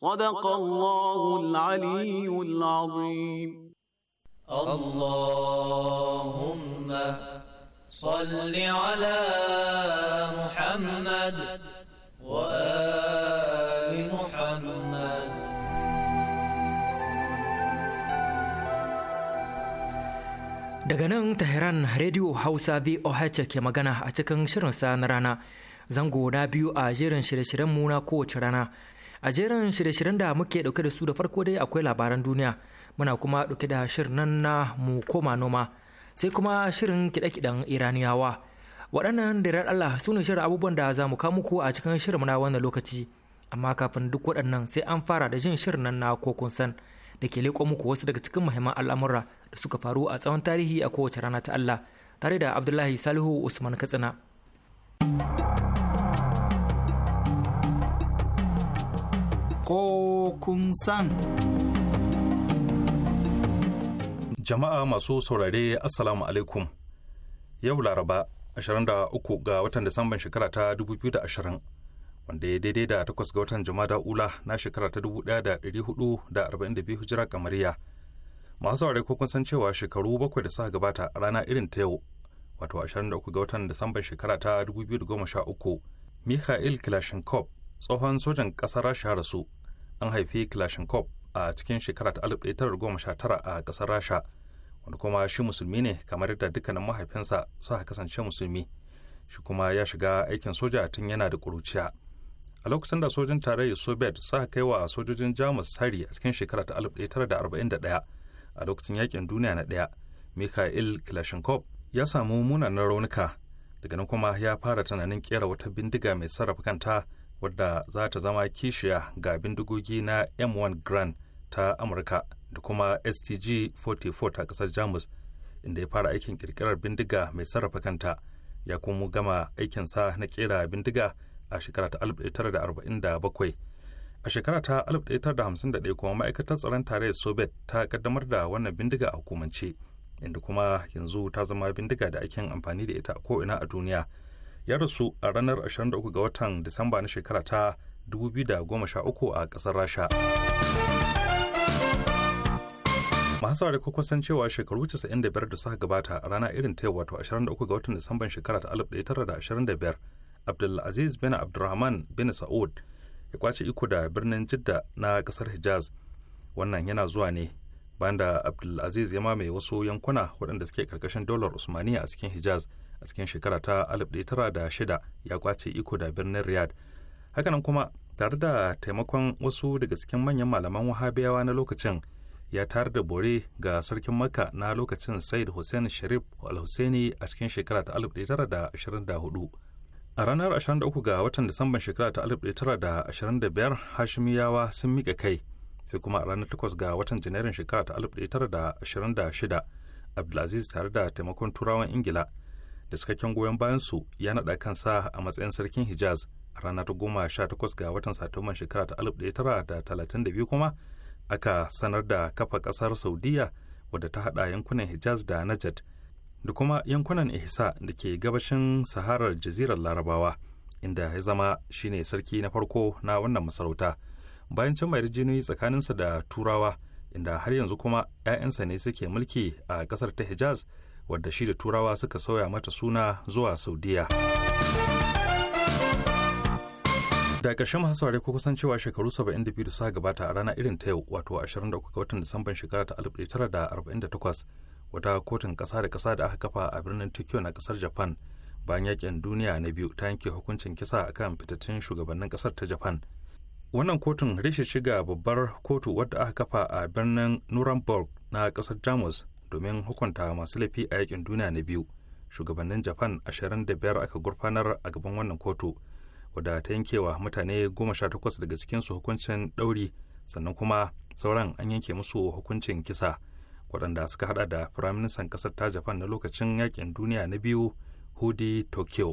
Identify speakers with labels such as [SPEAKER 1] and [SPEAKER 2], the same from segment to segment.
[SPEAKER 1] صدق الله العلي العظيم اللهم صل على محمد
[SPEAKER 2] وآل محمد
[SPEAKER 3] Daga nan Tehran Radio Hausa VOH ke magana a cikin shirinsa na rana, zango na biyu a jerin shirye-shiryen muna kowace rana a jerin shirye-shiryen da muke dauke da su da farko dai akwai labaran duniya muna kuma dauke da shirin nan na mu koma noma sai kuma shirin kiɗe iraniyawa waɗannan da Allah su ne shirin abubuwan da za mu muku a cikin shirin na wannan lokaci amma kafin duk waɗannan sai an fara da jin shirin nan na kokun san da ke leƙo muku wasu daga cikin muhimman al'amura da suka faru a tsawon tarihi a kowace rana ta Allah tare da Abdullahi Salihu Usman Katsina. ko kun san.
[SPEAKER 4] Jama'a masu saurare Assalamu alaikum. Yau Laraba 23 ga watan Disamban shekara ta 2020 wanda ya daidai da 8 ga watan Jama'a Ula na shekara ta 1442 hijira kamariya. Masu saurare ko kun san cewa shekaru bakwai da suka gabata a rana irin ta yau wato 23 ga watan Disamban shekara ta 2013 Mikhail kilashinkov. tsohon sojan kasar rasha rasu an haifi kalashnikov a cikin shekara ta tara a kasar rasha wanda kuma shi musulmi ne kamar yadda dukkanin mahaifinsa suka kasance musulmi shi kuma ya shiga aikin soja tun yana da ƙuruciya a lokacin da sojin tarayyar soviet suka kai wa sojojin jamus hari a cikin shekara ta 1941 a lokacin yakin duniya na ɗaya mikhail kalashnikov ya samu munanan raunuka daga nan kuma ya fara tunanin kera wata bindiga mai sarrafa kanta wadda za ta zama kishiya ga bindigogi na m1 grand ta amurka da kuma stg 44 ta kasar jamus inda ya fara aikin kirkirar bindiga mai sarrafa kanta ya kuma gama aikinsa na kera bindiga a shekara ta 1947 a shekara ta 1951 kuma ma'aikatar tsaron tare soviet ta kaddamar da wannan bindiga a hukumance inda kuma yanzu ta zama bindiga da ake amfani da ita ko'ina a duniya ya rasu a ranar 23 ga watan Disamba na shekara ta 2013 a ƙasar Rasha. masu saurari ko kusan cewa shekaru 95 da suka gabata a rana irin ta wato 23 ga watan Disamban shekara ta 1925 Abdulaziz bin Abdulrahman bin Sa'ud ya kwace iko da birnin Jidda na kasar Hijaz. Wannan yana zuwa ne bayan da Abdulaziz ya mamaye wasu yankuna waɗanda suke karkashin dollar Usmaniya a cikin Hijaz. a cikin shekara ta 1906 ya kwace iko da birnin riyad hakanan kuma tare da taimakon wasu daga cikin manyan malaman wahabiyawa na lokacin ya tayar da bore ga sarkin makka na lokacin said hussein sharif al husseini a cikin shekara ta 1924 a ranar 23 ga watan disamban shekara ta 1925 hashimiyawa sun mika kai sai kuma a ranar 8 ga watan janairun shekara ta 1926 abdulaziz tare da taimakon turawan ingila da cikakken goyon bayan su ya naɗa kansa a matsayin sarkin hijaz a ranar ta goma sha takwas ga watan satumban shekara ta alif ɗaya tara da talatin da biyu kuma aka sanar da kafa ƙasar saudiya wadda ta haɗa yankunan hijaz da najad da kuma yankunan ihsa da ke gabashin saharar jazirar larabawa inda ya zama shine sarki na farko na wannan masarauta bayan can mai tsakanin tsakaninsa da turawa inda har yanzu kuma 'ya'yansa ne suke mulki a ƙasar ta hijaz wadda shi da turawa suka sauya mata suna zuwa saudiya da ƙarshen masu saurari ko kusan shekaru 72 da suka gabata a rana irin ta yau wato 23 ga watan disamban shekara ta 1948 wata kotun ƙasa da ƙasa da aka kafa a birnin tokyo na kasar japan bayan yakin duniya na biyu ta yanke hukuncin kisa a kan fitattun shugabannin ƙasar ta japan wannan kotun rishe shiga babbar kotu wadda aka kafa a birnin nuremberg na ƙasar jamus domin hukunta masu laifi a yakin duniya na biyu shugabannin japan 25 aka gurfanar a gaban wannan kotu wadda ta yankewa mutane 18 daga cikin su hukuncin ɗauri sannan kuma sauran an yanke musu hukuncin kisa waɗanda suka hada da firaministan ƙasar ta japan na lokacin yakin duniya na biyu hudi tokyo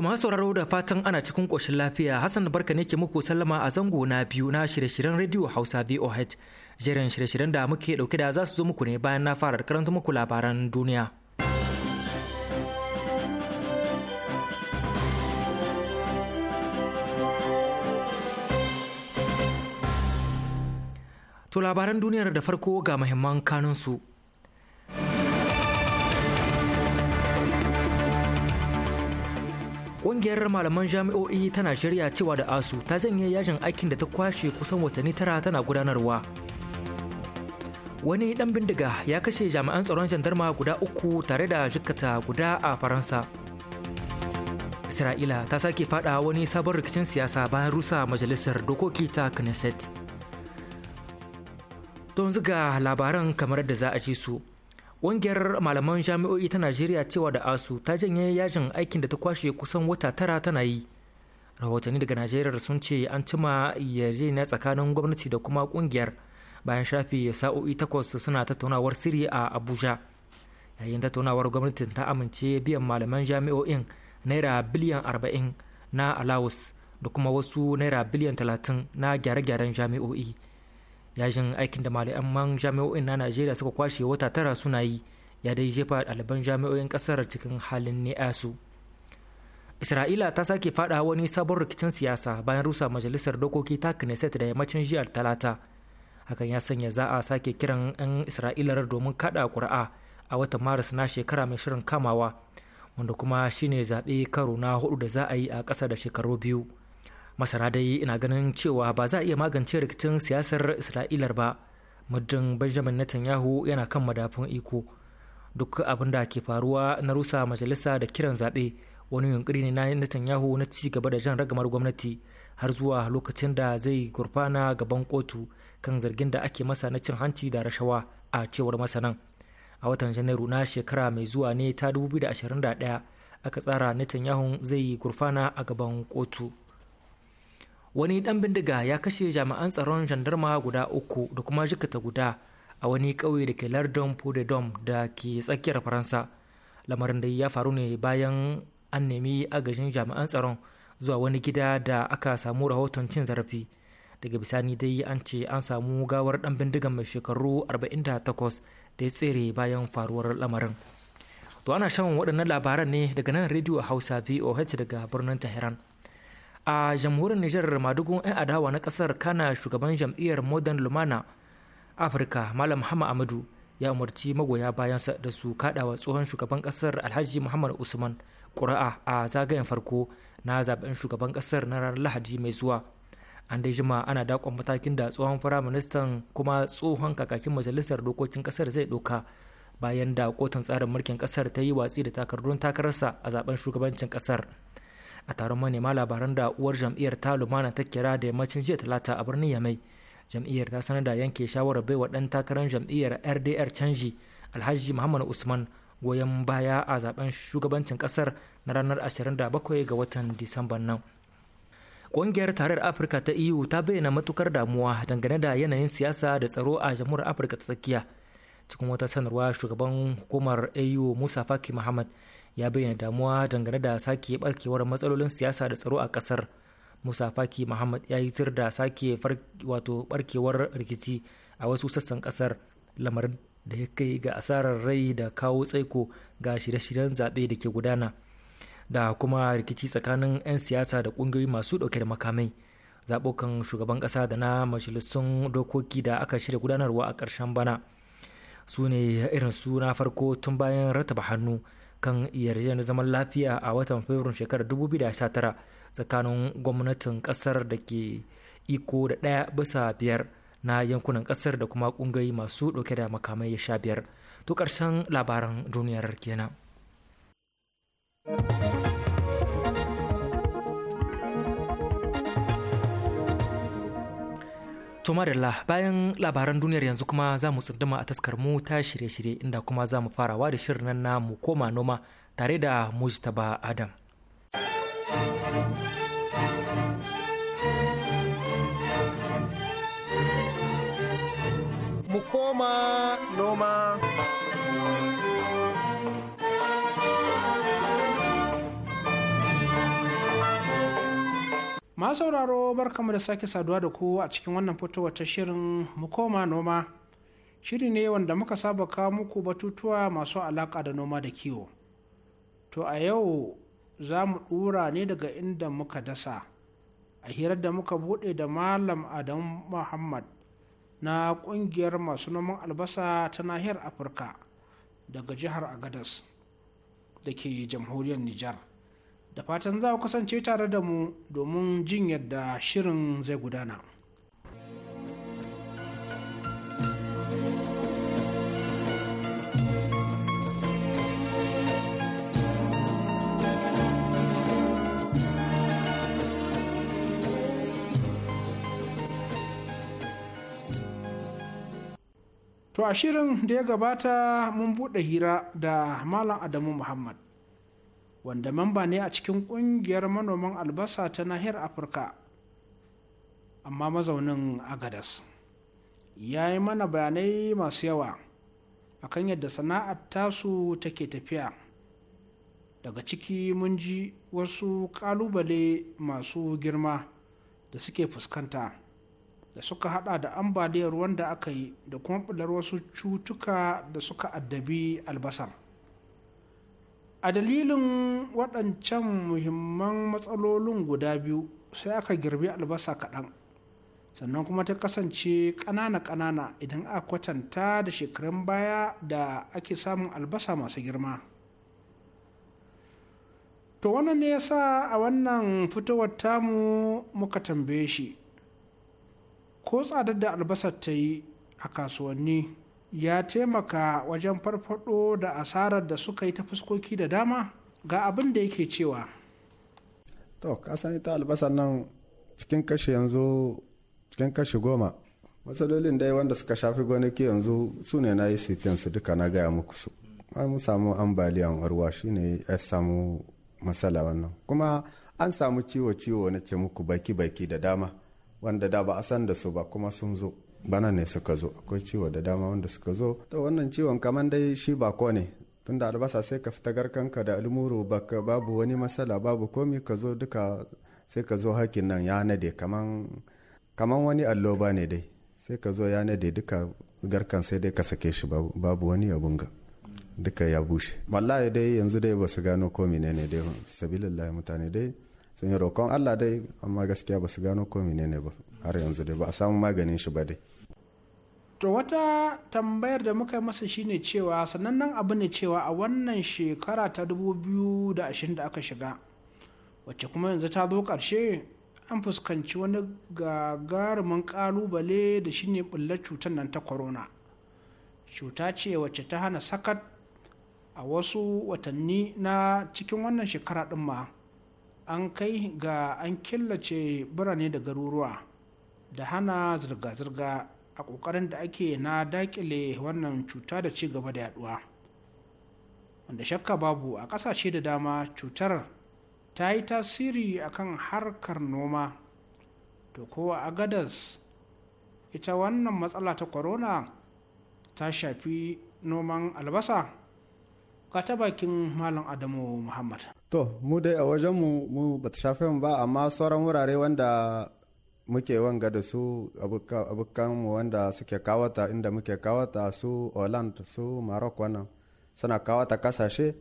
[SPEAKER 3] To masu sauraro da fatan ana cikin ƙoshin lafiya Hassan barka ne ke muku sallama a zango na biyu na shirye-shiryen rediyo Hausa VOH. Jerin shirye-shiryen da muke ɗauke da za su zo muku ne bayan na fara karanta muku labaran duniya. To labaran duniyar da farko ga muhimman kanunsu. Ƙungiyar malaman jami'o'i tana shirya cewa da ASU ta janye yajin aikin da ta kwashe kusan watanni tara tana gudanarwa. Wani ɗan bindiga ya kashe jami'an tsaron jandarma guda uku tare da jikata guda a Faransa. Isra'ila ta sake fada wani sabon rikicin siyasa bayan rusa majalisar dokoki ta Knesset. Don ziga labaran kamar da za a ci su. ƙungiyar malaman jami'o'i ta najeriya cewa da asu ta janye yajin aikin da ta kwashe kusan wata tara tana yi rahotanni daga najeriya sun ce an cima yarjejeniya tsakanin gwamnati da kuma ƙungiyar bayan shafi sa'o'i takwas suna tattaunawar sirri a abuja yayin tattaunawar gwamnatin ta amince biyan malaman jami'o'in naira biliyan arba'in na alawus da kuma wasu naira biliyan talatin na gyare-gyaren jami'o'i yajin aikin da malaman jami'o'in na najeriya suka kwashe wata tara suna yi ya dai jefa ɗaliban jami'o'in ƙasar cikin halin ni'asu isra'ila ta sake fada wani sabon rikicin siyasa bayan rusa majalisar dokoki ta knesset da yammacin jihar talata hakan ya sanya za a sake kiran 'yan isra'ila domin kada ƙuri'a a wata maris na shekara mai shirin kamawa wanda kuma shine zaɓe karo na hudu da za a yi a ƙasa da shekaru biyu masana dai ina ganin cewa ba za a iya magance rikicin siyasar isra'ilar ba muddin benjamin netanyahu yana kan madafun iko duk abin da ke faruwa na rusa majalisa da kiran zaɓe wani yunkuri ne na netanyahu na ci gaba da jan ragamar gwamnati har zuwa lokacin da zai gurfana gaban kotu kan zargin da ake masa na cin hanci da rashawa a cewar masanan a watan janairu na shekara mai zuwa ne ta 2021 aka tsara netanyahu zai gurfana a gaban kotu wani dan bindiga ya kashe jami'an tsaron jandarma guda uku da kuma jikata guda a wani ƙauye da ke lardon dom da ke tsakiyar faransa lamarin da ya faru ne bayan an nemi agajin jami'an tsaron zuwa wani gida da aka samu rahoton cin zarafi daga bisani dai an ce an samu gawar dan bindigan mai shekaru 48 da ya tsere bayan faruwar lamarin to ana shan waɗannan labaran ne daga nan rediyo hausa voh daga birnin tehran a jamhuriyar nijar madugun 'yan adawa na ƙasar kana shugaban jam'iyyar modern lumana afirka malam hama amadu ya umarci magoya bayansa da su kaɗawa tsohon shugaban ƙasar alhaji muhammad usman ƙuri'a a zagayen farko na zaben shugaban ƙasar na ranar lahadi mai zuwa an dai jima ana dakon matakin da tsohon firaministan kuma tsohon kakakin majalisar dokokin ƙasar zai ɗauka bayan da kotun tsarin mulkin ƙasar ta yi watsi da takardun takararsa a zaben shugabancin ƙasar. a taron manema labaran da uwar jam'iyyar ta lumana ta kira da yammacin jiya talata a birnin yamai jam'iyyar ta sanar da yanke shawarar baiwa ɗan takarar jam'iyyar rdr canji alhaji muhammad usman goyon baya a zaben shugabancin kasar na ranar 27 ga watan disamban nan Ƙungiyar Tarayyar Afirka ta EU ta bayyana matukar damuwa dangane da yanayin siyasa da tsaro a jamhuriyar Afirka ta tsakiya cikin wata sanarwa shugaban hukumar au musa faki muhammad ya bayyana damuwa dangane da sake barkewar matsalolin siyasa da tsaro a kasar musa faki muhammad ya yi tir da sake wato barkewar rikici a wasu sassan kasar lamarin da ya kai ga asarar rai da kawo tsaiko ga shirye-shiryen zaɓe da ke gudana da kuma rikici tsakanin 'yan siyasa da ƙungiyoyi masu ɗauke da makamai zaɓukan shugaban ƙasa da na majalisun dokoki da aka shirya gudanarwa a ƙarshen bana su ne irin su na farko tun bayan rataba hannu kan yarjejeniyar zaman lafiya a watan fabrun shekarar 2019 tsakanin gwamnatin kasar da ke iko da ɗaya bisa biyar na yankunan kasar da kuma kungayi masu ɗauke da makamai ya sha biyar to karshen labaran duniyar kenan. To madalla bayan labaran duniyar yanzu kuma za mu tsunduma a taskar mu ta shirye-shirye inda kuma za mu farawa da shirin nan na mu koma noma tare da ba Adam. Mu koma
[SPEAKER 5] noma. A sauraro barkamu da sake saduwa da ku a cikin wannan fitowar ta shirin mukoma noma shiri ne wanda muka saba kawo muku batutuwa masu alaka da noma da kiwo to a yau za mu dura ne daga inda muka dasa a hirar da muka bude da malam adam muhammad na kungiyar masu noman albasa ta nahiyar afirka daga jihar agadas da ke jamhuriyar nijar da fatan za ku kasance tare da mu domin jin yadda shirin zai gudana. To a shirin da ya gabata mun buɗe hira da Malam Adamu Muhammad. wanda mamba ne a cikin ƙungiyar manoman albasa ta nahiyar afirka amma mazaunin agadas ya yi mana bayanai masu yawa akan yadda sana'ar tasu take tafiya daga ciki mun ji wasu ƙalubale masu girma da suke fuskanta da suka hada da ambaliyar wanda aka yi da kuma bular wasu cutuka da suka addabi albasar a dalilin waɗancan muhimman matsalolin guda biyu sai aka girbi albasa kaɗan sannan kuma ta kasance ƙanana-ƙanana idan aka kwatanta da shekarun baya da ake samun albasa masu girma to wannan ne yasa a wannan fitowar tamu muka tambaye shi ko tsadar da albasa ta yi a kasuwanni ya taimaka wajen farfado da asarar da suka yi ta fuskoki da dama ga abin da yake cewa
[SPEAKER 6] to kasan ita albasa nan cikin kashe yanzu cikin kashe goma matsalolin dai wanda suka shafi gonaki yanzu su ne na yi e su duka na gaya muku su an samu ambaliyan ruwa shine ya samu matsala wannan kuma an samu ciwo-ciwo na ce muku baki-baki da dama wanda da ba a san da su ba kuma sun zo bana ne suka zo akwai ciwo da dama wanda suka zo to wannan ciwon kamar dai shi bako ne tunda albasa sai ka fita garkanka da almuru baka babu wani matsala babu komi ka zo duka sai ka zo hakin nan ya nade kaman kaman wani allo ba ne dai sai ka zo ya nade duka garkan sai dai ka sake shi babu wani abun ga duka ya bushe wallahi dai yanzu dai ba su gano ne ne dai sabilillahi mutane dai sun yi roƙon Allah dai amma gaskiya ba su gano ne ne ba har yanzu dai ba a samu maganin shi ba dai
[SPEAKER 5] to wata tambayar da muka yi masa shine cewa sanannen abu ne cewa a wannan shekara ta 2020 da aka shiga wacce kuma yanzu ta zo ƙarshe an fuskanci wani gagarumin ƙalubale da shine bulla cutar nan ta corona cuta ce wacce ta hana sakat a wasu watanni na cikin wannan shekara ɗin ma an kai ga an killace birane da garuruwa da hana zirga-zirga a ƙoƙarin da ake na daƙile wannan cuta da ci gaba da yaduwa wanda shakka babu a ƙasashe da dama cutar ta yi tasiri akan harkar noma to kowa a gadas ita wannan matsala ta corona ta shafi noman albasa ka ta bakin malam adamu muhammad
[SPEAKER 6] to mu dai a wajenmu mu ba ta shafe ba amma sauran wurare wanda muke wanga da su abokanmu wanda suke kawata inda muke kawata su holland su maroc nan suna kawata kasashe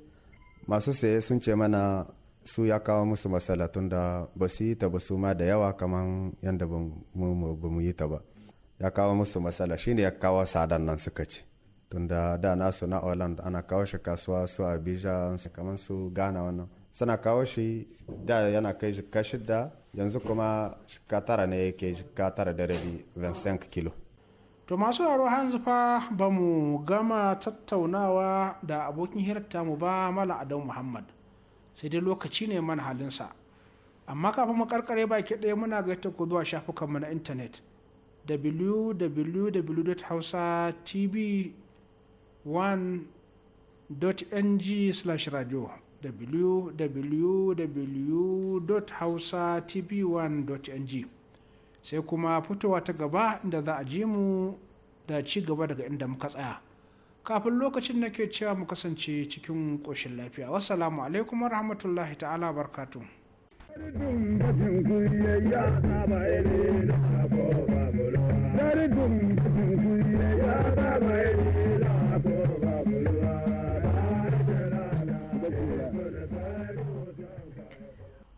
[SPEAKER 6] masu saye sun ce mana su ya kawo musu matsala da ba su yi ta ba su ma da yawa kamar yadda ba mu yi ta ba ya kawo musu matsala shine ya kawo sadan nan suka ce tunda da nasu na holland ana kawo shi kasuwa su abuja kamar su ghana wannan suna kawo shi da yana kai shi shida yanzu kuma shika tara ne yake shika tara da rabi 25 kilo
[SPEAKER 5] to masu aro hanzu fa ba mu gama tattaunawa da abokin hirarta mu ba mala adam muhammad sai dai lokaci ne man halinsa amma kafin mu karkare baki ɗaya muna gaita ku zuwa shafukanmu na intanet www.hausatv1.ng/radio www.hausatv1.ng sai kuma fitowa ta gaba da za a ji mu da ci gaba daga inda muka tsaya kafin lokacin na ke cewa mu kasance cikin ƙoshin lafiya wassalamu alaikum rahmatullahi ta'ala barkatu
[SPEAKER 2] Dari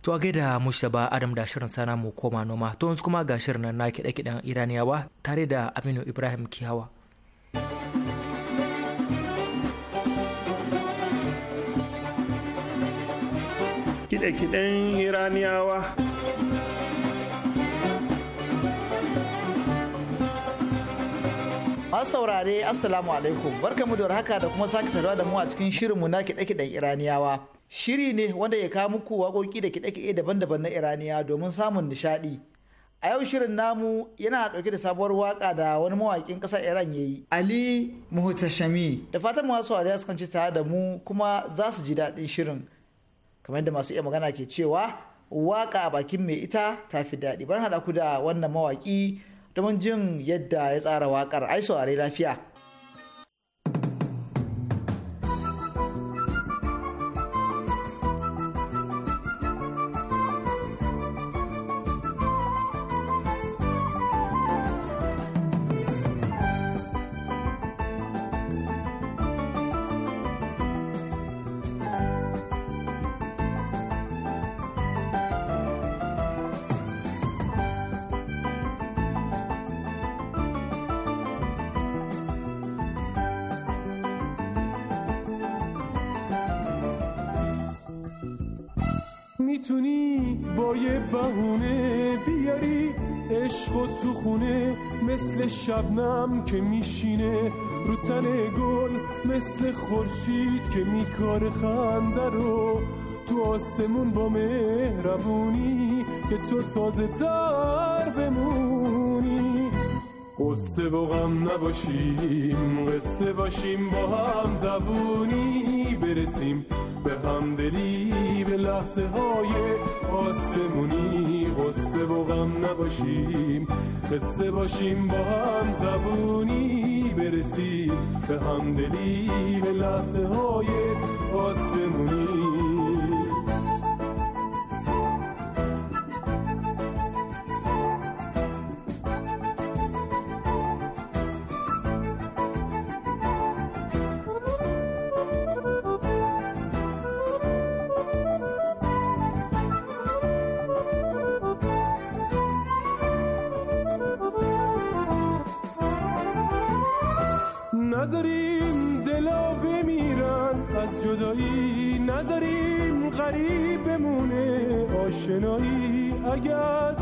[SPEAKER 3] To a gaida Mustapha Adam da shirin sana mu koma noma to yanzu kuma ga shirin nan na kiɗe-kiɗen Iraniyawa tare da Aminu Ibrahim Kiyawa.
[SPEAKER 6] Kiɗe-kiɗen Iraniyawa
[SPEAKER 7] Masu saurare Assalamu alaikum barkamu da haka da kuma sake saduwa da mu a cikin shirinmu na kiɗe-kiɗen Iraniyawa. shiri ne wanda ya kawo muku waƙoƙi da kiɗe-kiɗe daban-daban na iraniya domin samun nishaɗi a yau shirin namu yana ɗauke da sabuwar waƙa da wani mawaƙin ƙasa iran ya yi ali muhtashami da fatan masu wariya sukan ci tare da mu kuma za su ji daɗin shirin kamar yadda masu iya magana ke cewa waƙa a bakin mai ita ta fi daɗi bar haɗa ku da wannan mawaƙi domin jin yadda ya tsara waƙar ai saurare lafiya
[SPEAKER 1] که میشینه رو تن گل مثل خورشید که میکاره خنده رو تو آسمون با مهربونی که تو تازه تر بمونی قصه و غم نباشیم قصه باشیم با هم زبونی برسیم به همدلی به لحظه های آسمونی قصه و غم نباشیم قصه باشیم با هم زبونی برسیم به همدلی به لحظه های آسمونی نذاریم غریب بمونه آشنایی اگه از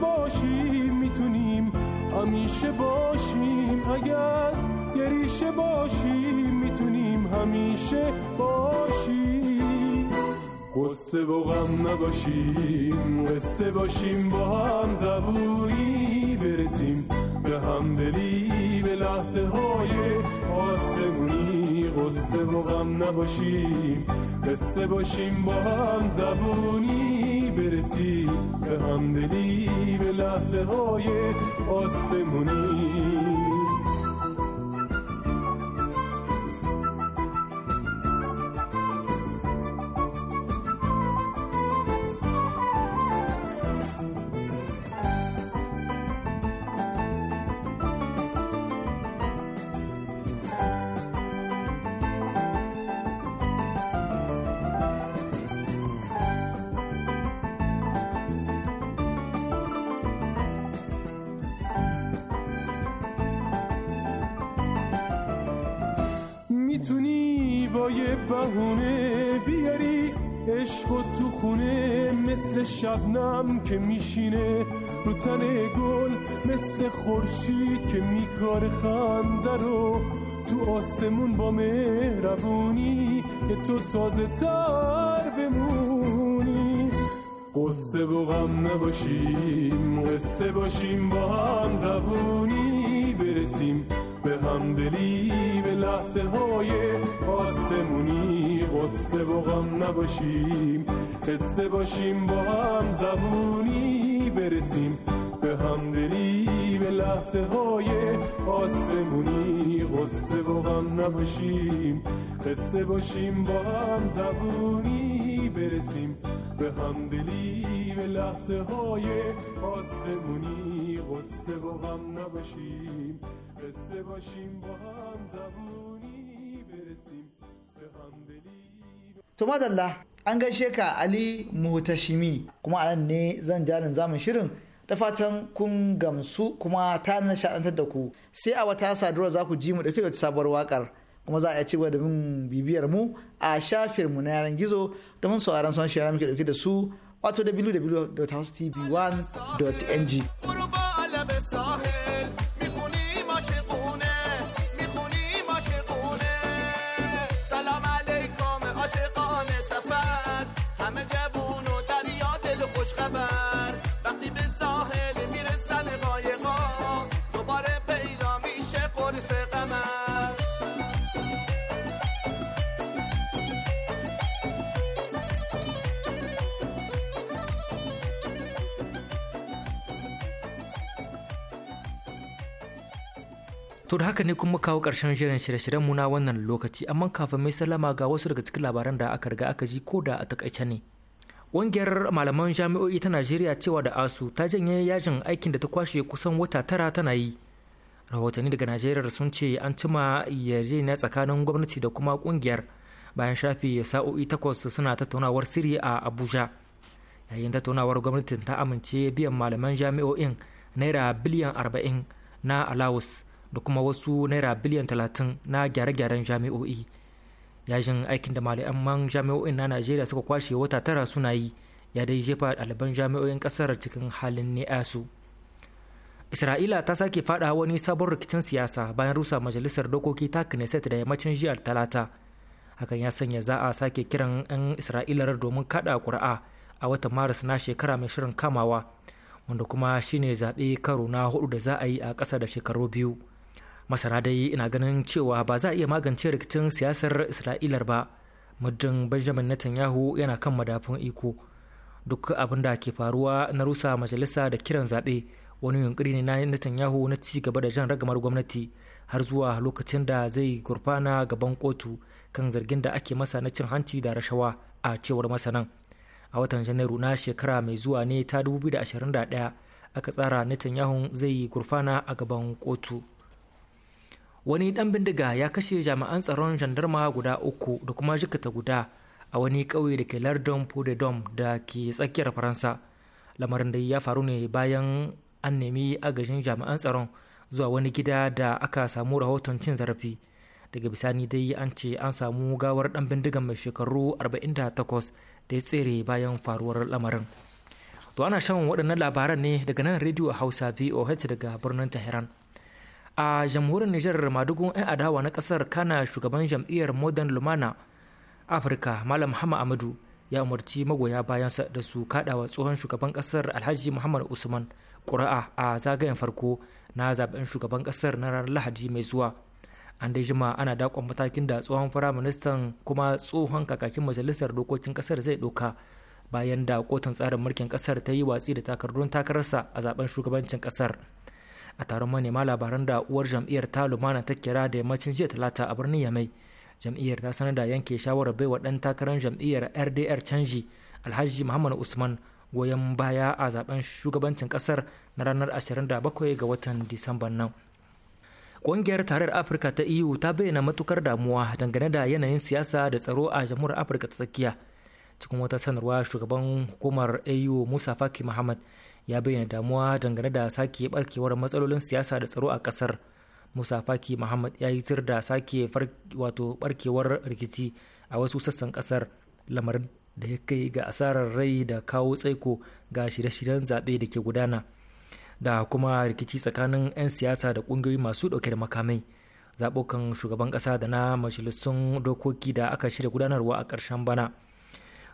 [SPEAKER 1] باشیم میتونیم همیشه باشیم اگه باشیم میتونیم همیشه باشیم قصه و غم نباشیم قصه باشیم با هم زبونی برسیم به همدلی لحظه های آسمونی قصه و غم نباشیم قصه باشیم با هم زبونی برسیم به همدلی به لحظه های آسمونی یه بهونه بیاری عشق تو خونه مثل شبنم که میشینه رو تن گل مثل خورشید که میکار خنده رو تو آسمون با مهربونی که تو تازه تر
[SPEAKER 2] بمونی
[SPEAKER 1] قصه و غم نباشیم قصه باشیم با هم زبونی برسیم به همدلی به لحظه های قصه و نباشیم قصه باشیم با هم زبونی برسیم به همدلی به لحظه های آسمونی قصه و غم نباشیم قصه باشیم با هم زبونی برسیم به همدلی به لحظه های آسمونی قصه و غم نباشیم قصه باشیم با هم زبونی
[SPEAKER 7] to madalla an gaishe ka ali mutashimi kuma anan ne zan jalin zamun shirin da fatan kun gamsu kuma ta nishaɗantar da ku sai a wata sadarwa za ku ji mu dauke da sabuwar wakar kuma za a ci gaba da bin bibiyar mu a shafin mu na yaran gizo domin sauraron son shirya muke dauke da su wato www.housetv1.ng خوش خبر وقتی
[SPEAKER 3] haka ne kuma kawo ƙarshen shirin shirye-shiryen mu wannan lokaci amma kafin mai sallama ga wasu daga cikin labaran da aka riga aka ji ko da a takaice ne. ƙungiyar malaman jami'o'i ta najeriya cewa da asu ta janye yajin aikin da ta kwashe kusan wata tara tana yi rahotanni daga najeriya sun ce an cima yarjejeniya tsakanin gwamnati da kuma ƙungiyar bayan shafi sa'o'i takwas suna tattaunawar sirri a abuja yayin tattaunawar gwamnatin ta amince biyan malaman jami'o'in naira biliyan arba'in na alawus da kuma wasu naira biliyan talatin na gyare-gyaren jami'o'i yajin aikin da malaman jami'o'in na najeriya suka kwashe wata tara suna yi ya dai jefa ɗaliban jami'o'in ƙasar cikin halin ni'asu isra'ila ta sake fada wani sabon rikicin siyasa bayan rusa majalisar dokoki ta knesset da yammacin jihar talata hakan ya sanya za a sake kiran 'yan isra'ila domin kada ƙuri'a a watan maris na shekara mai shirin kamawa wanda kuma shine zaɓe karo na hudu da za a yi a ƙasa da shekaru biyu masara dai ina ganin cewa ba za a iya magance rikicin siyasar isra'ilar ba muddin benjamin netanyahu yana kan madafin iko duk abin da ke faruwa na rusa majalisa da kiran zaɓe wani yunkuri ne na netanyahu na ci gaba da jan ragamar gwamnati har zuwa lokacin da zai gurfana gaban kotu kan zargin da ake masa na cin hanci da rashawa a cewar masanan a watan janairu na shekara mai zuwa ne ta 2021 aka tsara netanyahu zai gurfana a gaban kotu wani dan bindiga ya kashe jami'an tsaron jandarma guda uku da kuma jikata guda a wani kauye da ke lardon dom da ke tsakiyar faransa lamarin da ya faru ne bayan an nemi agajin jami'an tsaron zuwa wani gida da aka samu rahoton cin zarafi daga bisani dai an ce an samu gawar dan bindigan mai shekaru 48 da ya tsere bayan faruwar lamarin to ana shan waɗannan labaran ne daga nan rediyo hausa voh daga birnin tehran a jamhuriyar nijar madugun 'yan adawa na kasar kana shugaban jam'iyyar modern lumana afirka malam hama amadu ya umarci magoya bayansa da su kadawa tsohon shugaban kasar alhaji muhammad usman ƙuri'a a zagayen farko na zaben shugaban kasar na ranar lahadi mai zuwa an dai jima ana dakon matakin da tsohon firaministan kuma tsohon kakakin majalisar dokokin kasar zai ɗauka bayan da kotun tsarin mulkin kasar ta yi watsi da takardun takararsa a zaben shugabancin kasar a taron manema labaran da uwar jam'iyyar ta lumana ta kira da yammacin jiya talata a birnin yamai jam'iyyar ta sanar da yanke shawarar baiwa ɗan takarar jam'iyyar rdr canji alhaji muhammad usman goyon baya a zaben shugabancin kasar na ranar 27 ga watan disamba nan ƙungiyar tarayyar afirka ta eu ta bayyana matukar damuwa dangane da yanayin siyasa da tsaro a jamhuriyar afirka ta tsakiya cikin wata sanarwa shugaban hukumar au musa faki muhammad ya bayyana damuwa dangane da sake barkewar matsalolin siyasa da tsaro a kasar musa faki muhammad ya yi tir da sake wato barkewar rikici a wasu sassan kasar lamarin da ya kai ga asarar rai da kawo tsaiko ga shirye-shiryen zaɓe da ke gudana da kuma rikici tsakanin 'yan siyasa da ƙungiyoyi masu ɗauke da makamai zaɓukan shugaban ƙasa da na majalisun dokoki da aka shirya gudanarwa a ƙarshen bana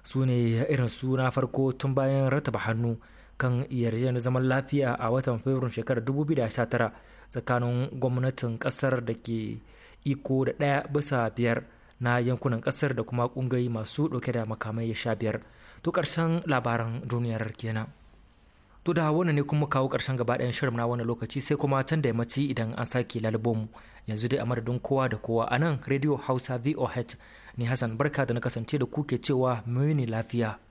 [SPEAKER 3] su ne irin su na farko tun bayan rataba hannu kan yarjejeniyar zaman lafiya a watan fabrun shekarar 2019 tsakanin gwamnatin kasar da ke iko da ɗaya bisa biyar na yankunan kasar da kuma kungiyoyi masu ɗauke da makamai ya sha biyar to ƙarshen labaran duniyar kenan to da wani ne kuma kawo ƙarshen gaba ɗayan shirin na wani lokaci sai kuma can da yammaci idan an sake mu yanzu dai a madadin kowa da kowa a nan radio hausa voh ne hassan barka da na kasance da ku ke cewa muni lafiya